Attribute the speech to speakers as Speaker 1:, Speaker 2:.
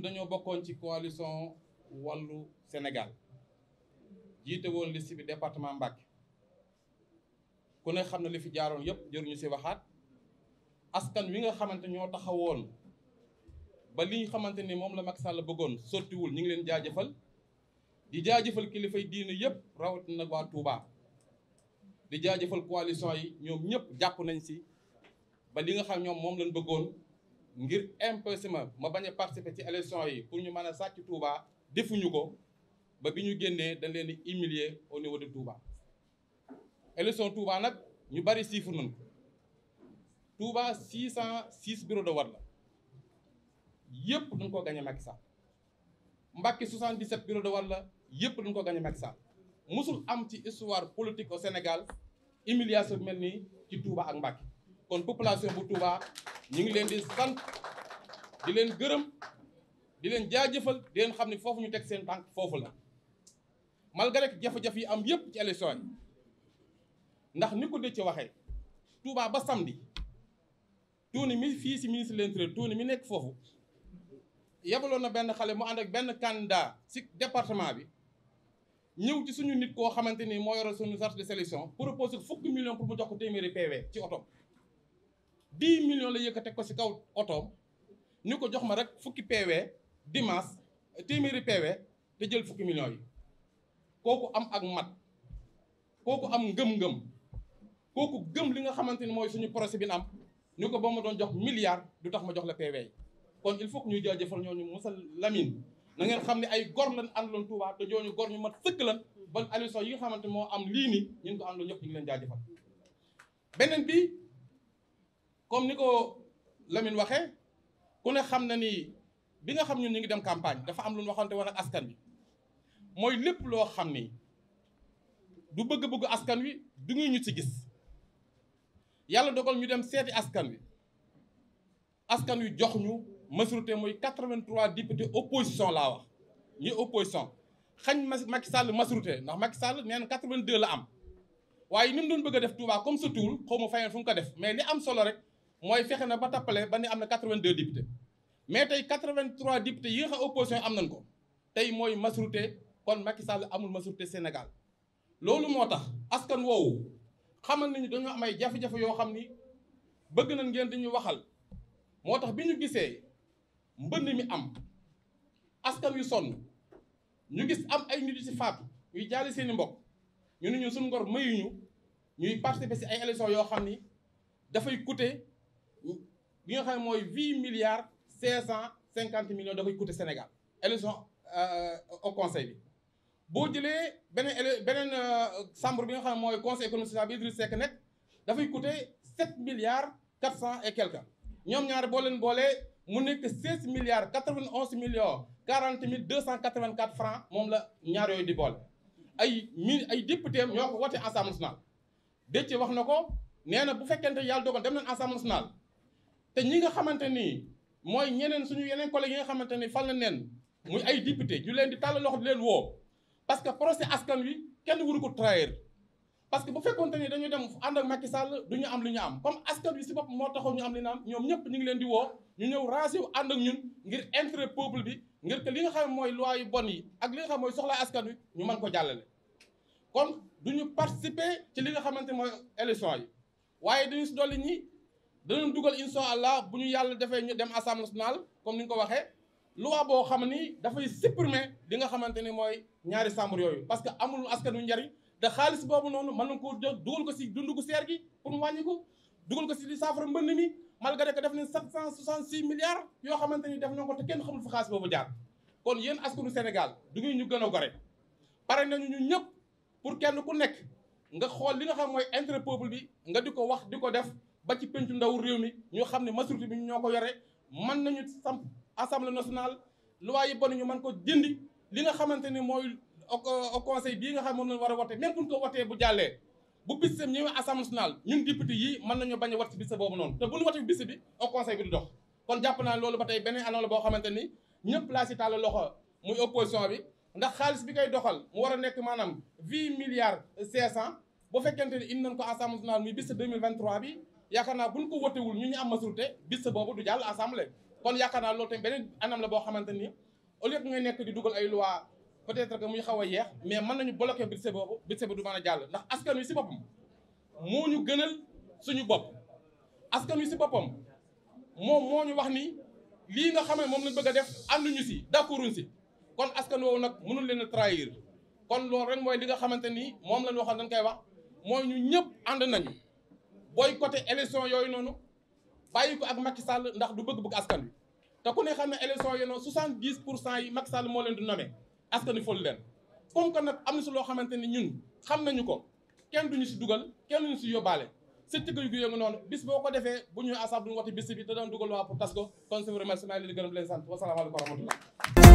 Speaker 1: dañoo bokkoon ci coalition wàllu Sénégal jiite woon liste bi département Mbacké ku ne xam ne li fi jaaroon yëpp jëruñu si waxaat askan wi nga xamante ñoo taxawoon ba li nga xamante ni moom la Macky Sall bëggoon sortiwul ñu ngi leen jaajëfal di jaajëfal kilifay diine yëpp rawatina waa Touba di jaajëfal coalition yi ñoom ñëpp jàpp nañ si ba li nga xam ñoom moom lañ bëggoon. ngir impulsé ma ma bañ a participer ci élection yi pour ñu mën a sàcc Touba defuñu ko ba bi ñu génnee dañ leen di humilier au niveau de Touba. élection Touba nag ñu bari chiffre nañ ko cent 606 bureau de war la yëpp duñ ko gagné Macky Sall Mbacké 77 bureau de war la yëpp duñ ko gagné Macky Sall mosul am ci histoire politique au Sénégal humiliation bi mel nii ci Touba ak Mbacké. kon population bu Touba ñu ngi leen di sant di leen gërëm di leen jaajëfal di leen xam ne foofu ñu teg seen tànk foofu la malgré que jafe-jafe yi am yépp ci élection yi ndax ni ko dëcc waxee Touba ba samedi tuuni mi fii si ministre de l'Intérieur tuuni mi nekk foofu yebaloon na benn xale mu ànd ak benn candidat si département bi ñëw ci suñu nit koo xamante ni moo yore suñu charte de sélection proposé fukki million pour mu jox ko téeméeri PV ci dix million la yëkkate ko si kaw otoom ni ko jox ma rek fukki PV dimanche téeméeri PV te jël fukki million yi kooku am ak mat kooku am ngëm-ngëm kooku gëm li nga xamante ni mooy suñu projet bi na am ni ko ba ma doon jox milliard du tax ma jox la PV yi kon il faut que ñuy jaajëfal ñooñu musal Lamine na ngeen xam ne ay gor lañ àndaloon Touba te ñooñu gor ñu mat sëkk lan ba Aliou Sow yi nga xamante moo am lii nii ñu ngi ko àndaloon ñëpp ñu ngi leen jaajëfal beneen comme ni ko Lamine waxee ku ne xam na ni bi nga xam ñun ñu ngi dem campagne dafa am lu ñu waxante woon ak askan wi mooy lépp loo xam ni du bëgg bëgg askan wi du ngi ñu ci gis yàlla dogal ñu dem seeti askan wi askan wi jox ñu majorité mooy 83 députés opposition laa wax ñi opposition xañ Macky Sall majorité ndax Macky Sall nee na 82 la am waaye ni mu doon bëgg a def Touba comme sa tuul xaw ma fayeen fu mu ko def mais li am solo rek mooy fexe na ba tappale ba ne am na 82 députés mais tey 83 députés yi nga xam opposition am nañ ko tey mooy majorité kon Macky Sall amul majorité Sénégal loolu moo tax askan woowu xamal nañu dañoo am ay jafe-jafe yoo xam ni bëgg nañ ngeen dañuy waxal moo tax bi ñu gisee mbënd mi am askan wi sonn ñu gis am ay nit yu ci faatu ñuy jaale seeni mbokk ñu ne ñu suñu ngor mayuñu ñuy participer ci ay élections yoo xam ni dafay coûter bi nga xam ne mooy huit milliards cinq cent cinquante millions da koy coûter Sénégal élection euh, au conseil bi boo jëlee beneen éle beneen euh, chambre bi nga xam ne mooy conseil économique social bi Idriss Seck nekk dafay coûter sept milliards quatre cent et quelque ñoom ñaar boo leen boolee mu nekk seize milliards quatre vingt onze millions quarante mille deux cent quatre vingt quatre francs moom la ñaar yooyu di boole. ay mi ay député ñoo ko wote assemblée nationale. Déthié wax na ko nee na bu fekkente yàlla dogal dem nañ assemblée nationale. te ñi nga xamante ni mooy ñeneen suñu yeneen collègues yi nga xamante ni fan na neen muy ay député ñu leen di tàllal loxo bi leen woo parce que procès askan wi kenn waru ko trahir parce que bu fekkonte ni dañu dem ànd ak Macky Sall du ñu am lu ñu am comme askan wi si bopp moo taxaw ñu am li naan am ñoom ñëpp ñu ngi leen di woo ñu ñëw ranger wu ànd ak ñun ngir intérêt peuple bi ngir que li nga xam mooy loi yu bon yi ak li nga xam mooy soxlaa askan wi ñu man ko jàllale. kon du ñu participer ci li nga xamante mooy élection yi waaye dañu si dolli ñi dana dugal insha allah bu ñu yàlla defee ñu dem assemblée nationale comme ni nga ko waxee loi boo xam ni dafay supprimer li nga xamante ni mooy ñaari sàmbur yooyu parce que amul askan wu njariñ te xaalis boobu noonu mën nañ koo dugal ko si dundu gu seer gi pour mu wàññiku dugal ko si li saafara mbënd mi malgré que def nañ 766 milliards yoo xamante ni def nañ ko te kenn xamul fu xaalis boobu jaar kon yéen askanu Sénégal du ngeen ñu gën a gore pare nañu ñu ñëpp pour kenn ku nekk nga xool li nga xam mooy intérêt peuple bi nga di ko wax di ko def ba ci pencu ndaw réew mi ñoo xam ne majorité bi ñoo ko yore mën nañu samp assemblée national loi yi bon ñu mën ko jëndi li nga xamante ne mooy au conseil bii nga xam moom lañ war a wote même ko wotee bu jàllee bu bis sam ñëwee assemblée nationale ñun yi mën nañu bañ wat ci bis boobu noonu te buñu wate bi bis bi au conseil bi du dox kon jàpp naa loolu ba tey beneen anam la boo xamante ni ñëpp laa si tàll loxo muy opposition bi ndax xaalis bi koy doxal mu war a nekk maanaam huit milliards cinq cent bu fekkente ni indi nañ ko assemblée nationale muy bi yaakaar naa buñ ko wotewul ñu ñu am majorité bis boobu du jàll assemblée kon yaakaar naa loolu tamit beneen anam la boo xamante ni au lieu nekk di dugal ay loi peut-être que muy xaw a yeex mais man nañu bloquer budget boobu sa bi du mën a jàll ndax askan wi si boppam moo ñu gënal suñu bopp askan wi si boppam moom moo ñu wax ni lii nga xam ne moom lañ bëgg a def ànduñu si d'accorduñ si kon askan woowu nag mënul leen a trahir kon loolu rek mooy li nga xamante ni moom lañ waxoon dañ koy wax mooy ñu ñëpp ànd nañu côté élection yooyu noonu bàyyi ko ak Macky Sall ndax du bëgg-bëgg askan wi te ku ne xam ne élection yooyu noonu 70 pour cent yi Macky Sall moo leen di nommé askan wi fóolu leen. comme que nag am na si loo xamante ni ñun xam nañu ko kenn ñu si dugal kenn duñu si yóbbaale si tëgg yu yëngu noonu bis boo ko defee bu ñuy asab duñu waxti bis bi te doon dugal waa pour tas ko kon si vraiment leen di gërëm di leen sant wasalaamaaleykum wa